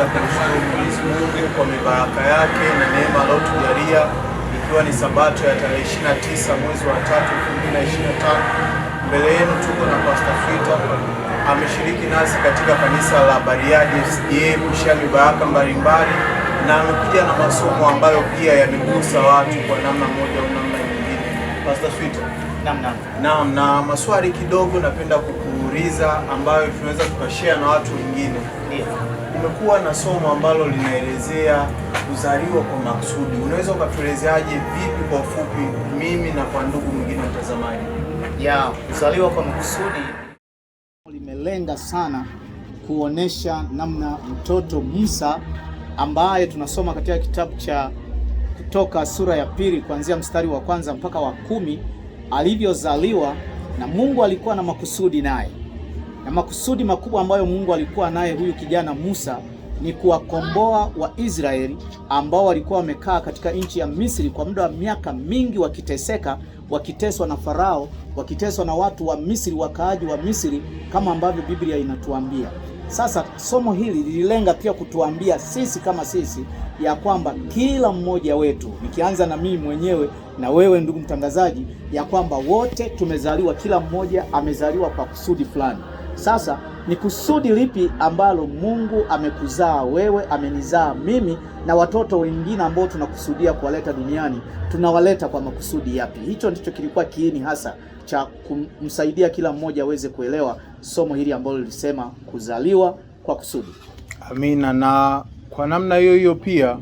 Tunapenda kumshukuru Mwenyezi Mungu kwa mibaraka yake na neema aliyotujalia, ikiwa ni Sabato ya tarehe 29 mwezi wa 3 2025. Mbele yenu tuko na Pastor Fita, ameshiriki nasi katika kanisa la Bariadi SDA kushia mibaraka mbalimbali na amekuja na masomo ambayo pia yamegusa watu kwa namna moja au namna nyingine. Pastor Fita, Naam, naam. Naam, na maswali kidogo napenda kukuuliza ambayo tunaweza tukashare na watu wengine. Ndio kumekuwa na somo ambalo linaelezea kuzaliwa kwa makusudi. Unaweza ukatuelezeaje vipi kwa ufupi, mimi na kwa ndugu mwingine mtazamaji? Ya kuzaliwa kwa makusudi limelenga sana kuonesha namna mtoto Musa ambaye tunasoma katika kitabu cha Kutoka sura ya pili kuanzia mstari wa kwanza mpaka wa kumi alivyozaliwa na Mungu alikuwa na makusudi naye na makusudi makubwa ambayo Mungu alikuwa naye huyu kijana Musa ni kuwakomboa Waisraeli ambao walikuwa wamekaa katika nchi ya Misri kwa muda wa miaka mingi wakiteseka, wakiteswa na Farao, wakiteswa na watu wa Misri, wakaaji wa Misri, kama ambavyo Biblia inatuambia. Sasa somo hili lililenga pia kutuambia sisi kama sisi ya kwamba kila mmoja wetu, nikianza na mimi mwenyewe na wewe ndugu mtangazaji, ya kwamba wote tumezaliwa, kila mmoja amezaliwa kwa kusudi fulani. Sasa ni kusudi lipi ambalo Mungu amekuzaa wewe, amenizaa mimi na watoto wengine ambao tunakusudia kuwaleta duniani, tunawaleta kwa makusudi yapi? Hicho ndicho kilikuwa kiini hasa cha kumsaidia kila mmoja aweze kuelewa somo hili ambalo lilisema kuzaliwa kwa kusudi. Amina. Na kwa namna hiyo hiyo pia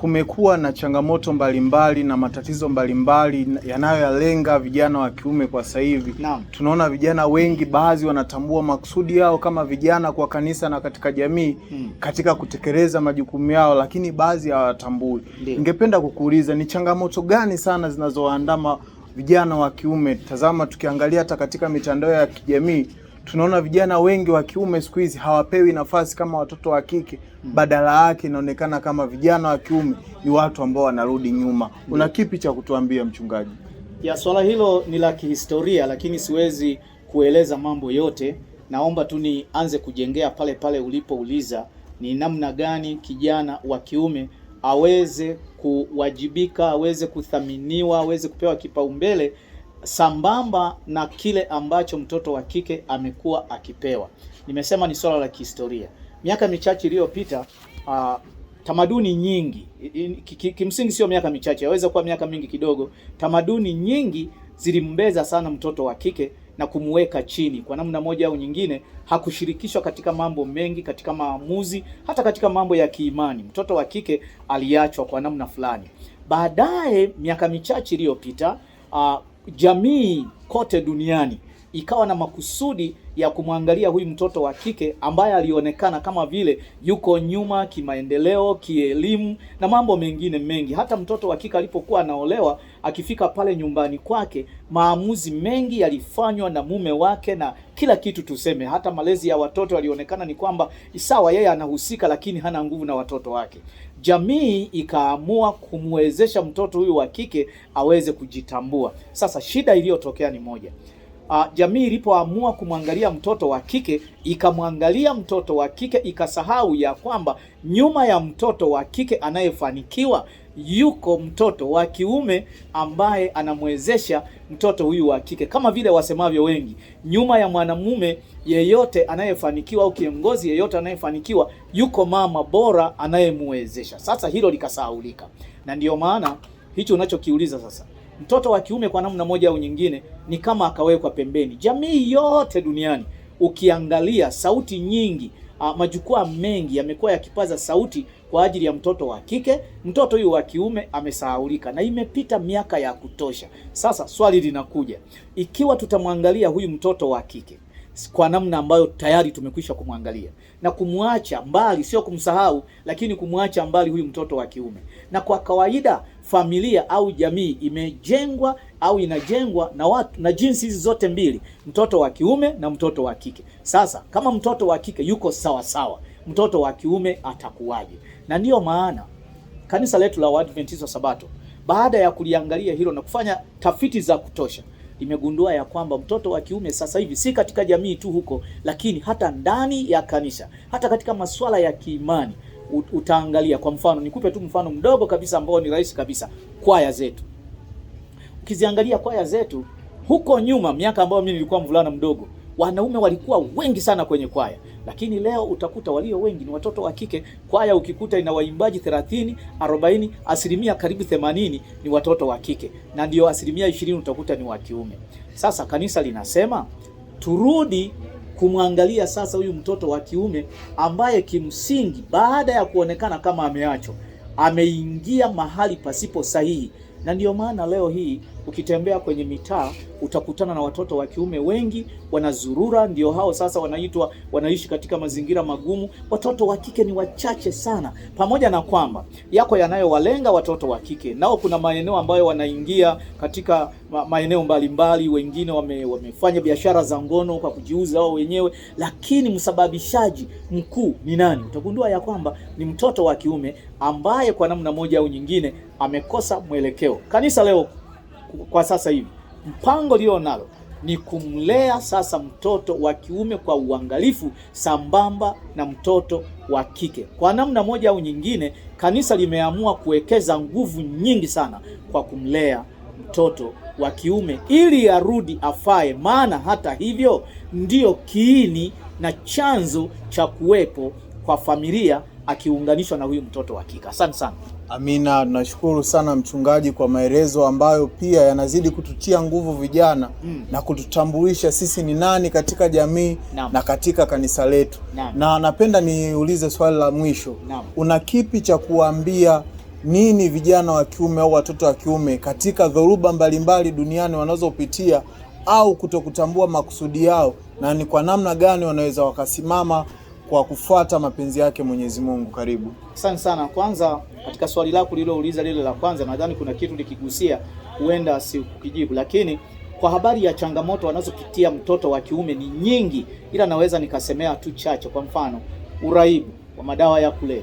kumekuwa na changamoto mbalimbali mbali na matatizo mbalimbali yanayoyalenga vijana wa kiume kwa sasa hivi. Tunaona vijana wengi, baadhi wanatambua maksudi yao kama vijana kwa kanisa na katika jamii hmm, katika kutekeleza majukumu yao, lakini baadhi hawatambui. Ningependa kukuuliza ni changamoto gani sana zinazowaandama vijana wa kiume? Tazama, tukiangalia hata katika mitandao ya kijamii tunaona vijana wengi wa kiume siku hizi hawapewi nafasi kama watoto wa kike, mm. badala yake inaonekana kama vijana wa kiume ni watu ambao wanarudi nyuma. Una mm. kipi cha kutuambia mchungaji? Ya swala hilo ni la kihistoria, lakini siwezi kueleza mambo yote. Naomba tu nianze kujengea pale pale ulipouliza ni namna gani kijana wa kiume aweze kuwajibika, aweze kuthaminiwa, aweze kupewa kipaumbele sambamba na kile ambacho mtoto wa kike amekuwa akipewa. Nimesema ni swala la kihistoria. Miaka michache iliyopita, uh, tamaduni nyingi kimsingi, sio miaka michache, yaweza kuwa miaka mingi kidogo, tamaduni nyingi zilimbeza sana mtoto wa kike na kumweka chini kwa namna moja au nyingine. Hakushirikishwa katika mambo mengi, katika maamuzi, hata katika mambo ya kiimani. Mtoto wa kike aliachwa kwa namna fulani. Baadaye miaka michache iliyopita uh, jamii kote duniani ikawa na makusudi ya kumwangalia huyu mtoto wa kike ambaye alionekana kama vile yuko nyuma kimaendeleo, kielimu na mambo mengine mengi. Hata mtoto wa kike alipokuwa anaolewa, akifika pale nyumbani kwake, maamuzi mengi yalifanywa na mume wake na kila kitu tuseme, hata malezi ya watoto yalionekana ni kwamba sawa, yeye anahusika, lakini hana nguvu na watoto wake jamii ikaamua kumwezesha mtoto huyu wa kike aweze kujitambua. Sasa shida iliyotokea ni moja. Uh, jamii ilipoamua kumwangalia mtoto wa kike ikamwangalia mtoto wa kike ikasahau ya kwamba nyuma ya mtoto wa kike anayefanikiwa yuko mtoto wa kiume ambaye anamwezesha mtoto huyu wa kike, kama vile wasemavyo wengi, nyuma ya mwanamume yeyote anayefanikiwa au kiongozi yeyote anayefanikiwa yuko mama bora anayemwezesha. Sasa hilo likasahaulika, na ndiyo maana hicho unachokiuliza sasa mtoto wa kiume kwa namna moja au nyingine ni kama akawekwa pembeni. Jamii yote duniani ukiangalia, sauti nyingi, ah, majukwaa mengi yamekuwa yakipaza sauti kwa ajili ya mtoto wa kike, mtoto huyu wa kiume amesahaulika na imepita miaka ya kutosha. Sasa swali linakuja, ikiwa tutamwangalia huyu mtoto wa kike kwa namna ambayo tayari tumekwisha kumwangalia na kumwacha mbali, sio kumsahau, lakini kumwacha mbali huyu mtoto wa kiume. Na kwa kawaida familia au jamii imejengwa au inajengwa na watu na jinsi hizi zote mbili, mtoto wa kiume na mtoto wa kike. Sasa kama mtoto wa kike yuko sawa sawa mtoto wa kiume atakuwaje. Na ndiyo maana kanisa letu la Waadventista wa Sabato baada ya kuliangalia hilo na kufanya tafiti za kutosha imegundua ya kwamba mtoto wa kiume sasa hivi si katika jamii tu huko, lakini hata ndani ya kanisa, hata katika masuala ya kiimani utaangalia. Kwa mfano, nikupe tu mfano mdogo kabisa ambao ni rahisi kabisa, kwaya zetu. Ukiziangalia kwaya zetu huko nyuma, miaka ambayo mimi nilikuwa mvulana mdogo, wanaume walikuwa wengi sana kwenye kwaya, lakini leo utakuta walio wengi ni watoto wa kike. Kwaya ukikuta ina waimbaji 30, 40, asilimia karibu 80 ni watoto wa kike, na ndio asilimia 20 utakuta ni wa kiume. Sasa kanisa linasema turudi kumwangalia sasa huyu mtoto wa kiume ambaye kimsingi baada ya kuonekana kama ameachwa ameingia mahali pasipo sahihi, na ndio maana leo hii Ukitembea kwenye mitaa utakutana na watoto wa kiume wengi wanazurura, ndio hao sasa wanaitwa wanaishi katika mazingira magumu. Watoto wa kike ni wachache sana, pamoja na kwamba yako yanayowalenga watoto wa kike, nao kuna maeneo ambayo wanaingia katika maeneo mbalimbali, wengine wame, wamefanya biashara za ngono kwa kujiuza wao wenyewe, lakini msababishaji mkuu ni nani? Utagundua ya kwamba ni mtoto wa kiume ambaye kwa namna moja au nyingine amekosa mwelekeo. Kanisa leo kwa sasa hivi, mpango lililo nalo ni kumlea sasa mtoto wa kiume kwa uangalifu sambamba na mtoto wa kike. Kwa namna moja au nyingine, kanisa limeamua kuwekeza nguvu nyingi sana kwa kumlea mtoto wa kiume ili arudi afae, maana hata hivyo ndiyo kiini na chanzo cha kuwepo kwa familia akiunganishwa na huyu mtoto wa kike. Asante sana. Amina, nashukuru sana mchungaji kwa maelezo ambayo pia yanazidi kututia nguvu vijana mm. na kututambulisha sisi ni nani katika jamii Naam. na katika kanisa letu Naam. na napenda niulize swali la mwisho Naam. una kipi cha kuambia nini vijana wa kiume au watoto wa kiume katika dhoruba mbalimbali duniani wanazopitia au kutokutambua makusudi yao na ni kwa namna gani wanaweza wakasimama kwa kufuata mapenzi yake Mwenyezi Mungu. Karibu. Asante sana. Kwanza katika swali lako lililouliza lile la kwanza, nadhani kuna kitu nikigusia huenda si kukijibu, lakini kwa habari ya changamoto wanazopitia mtoto wa kiume ni nyingi, ila naweza nikasemea tu chache. Kwa mfano, uraibu wa madawa ya kulevya,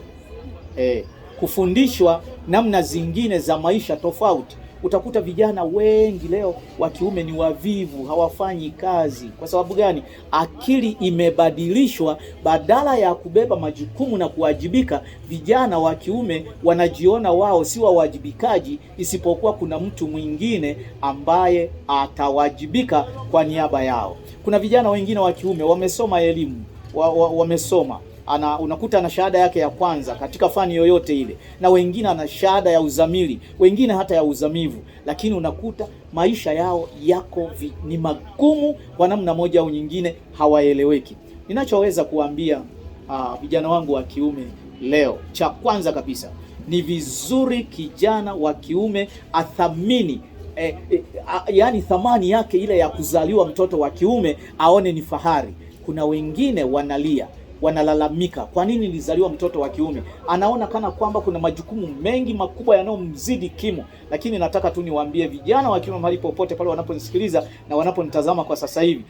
eh, kufundishwa namna zingine za maisha tofauti Utakuta vijana wengi leo wa kiume ni wavivu, hawafanyi kazi. Kwa sababu gani? Akili imebadilishwa, badala ya kubeba majukumu na kuwajibika, vijana wa kiume wanajiona wao si wawajibikaji, isipokuwa kuna mtu mwingine ambaye atawajibika kwa niaba yao. Kuna vijana wengine wa kiume wamesoma elimu, wamesoma wa, wa ana unakuta ana shahada yake ya kwanza katika fani yoyote ile, na wengine ana shahada ya uzamili, wengine hata ya uzamivu, lakini unakuta maisha yao yako vi, ni magumu kwa namna moja au nyingine, hawaeleweki. Ninachoweza kuambia ah, vijana wangu wa kiume leo, cha kwanza kabisa ni vizuri kijana wa kiume athamini eh, eh, yani thamani yake ile ya kuzaliwa mtoto wa kiume aone ni fahari. Kuna wengine wanalia wanalalamika, kwa nini nilizaliwa mtoto wa kiume? Anaona kana kwamba kuna majukumu mengi makubwa yanayomzidi kimo. Lakini nataka tu niwaambie vijana wa kiume mahali popote pale wanaponisikiliza na wanaponitazama kwa sasa hivi,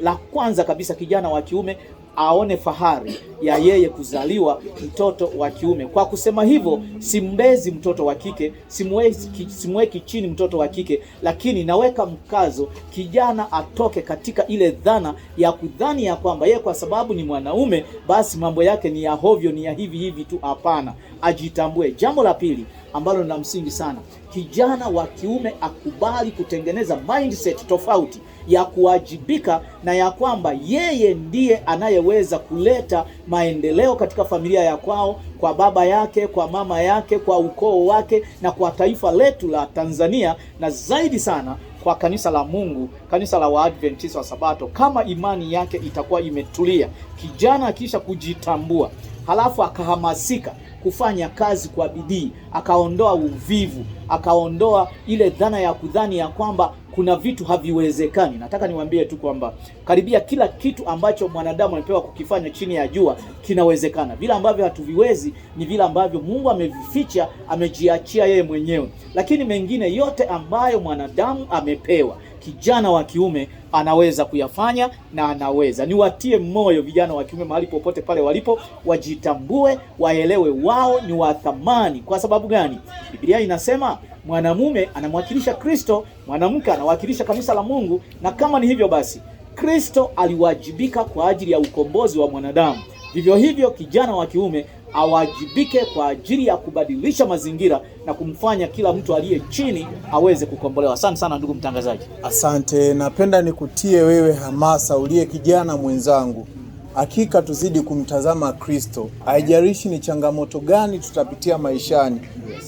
la kwanza kabisa, kijana wa kiume aone fahari ya yeye kuzaliwa mtoto wa kiume. Kwa kusema hivyo, simbezi mtoto wa kike, simweki simweki chini mtoto wa kike, lakini naweka mkazo kijana atoke katika ile dhana ya kudhani ya kwamba yeye kwa sababu ni mwanaume basi mambo yake ni ya hovyo, ni ya hivi hivi tu. Hapana, ajitambue. Jambo la pili ambalo ni la msingi sana. Kijana wa kiume akubali kutengeneza mindset tofauti ya kuwajibika na ya kwamba yeye ndiye anayeweza kuleta maendeleo katika familia ya kwao, kwa baba yake, kwa mama yake, kwa ukoo wake na kwa taifa letu la Tanzania na zaidi sana kwa kanisa la Mungu, kanisa la Waadventista wa Sabato, kama imani yake itakuwa imetulia, kijana akisha kujitambua, halafu akahamasika kufanya kazi kwa bidii, akaondoa uvivu, akaondoa ile dhana ya kudhani ya kwamba kuna vitu haviwezekani. Nataka niwaambie tu kwamba karibia kila kitu ambacho mwanadamu amepewa kukifanya chini ya jua kinawezekana. Vile ambavyo hatuviwezi ni vile ambavyo Mungu amevificha, amejiachia yeye mwenyewe, lakini mengine yote ambayo mwanadamu amepewa, kijana wa kiume anaweza kuyafanya na anaweza. Niwatie moyo vijana wa kiume mahali popote pale walipo, wajitambue, waelewe wao ni wa thamani. Kwa sababu gani? Biblia inasema mwanamume anamwakilisha Kristo, mwanamke anawakilisha kanisa la Mungu, na kama ni hivyo basi Kristo aliwajibika kwa ajili ya ukombozi wa mwanadamu. Vivyo hivyo kijana wa kiume awajibike kwa ajili ya kubadilisha mazingira na kumfanya kila mtu aliye chini aweze kukombolewa. Asante sana ndugu mtangazaji. Asante, napenda nikutie wewe hamasa uliye kijana mwenzangu. Hakika tuzidi kumtazama Kristo, haijalishi ni changamoto gani tutapitia maishani,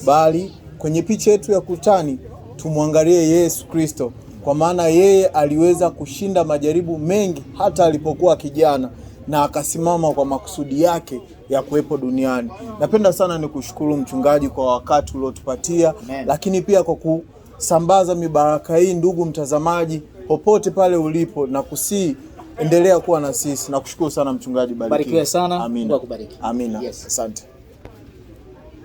bali kwenye picha yetu ya kutani tumwangalie Yesu Kristo, kwa maana yeye aliweza kushinda majaribu mengi hata alipokuwa kijana na akasimama kwa makusudi yake ya kuwepo duniani. Napenda sana ni kushukuru mchungaji kwa wakati uliotupatia, lakini pia kwa kusambaza mibaraka hii. Ndugu mtazamaji, popote pale ulipo, na kusii endelea kuwa na sisi. Nakushukuru sana mchungaji, barikiwe sana. Amina. Amina. Yes. Asante.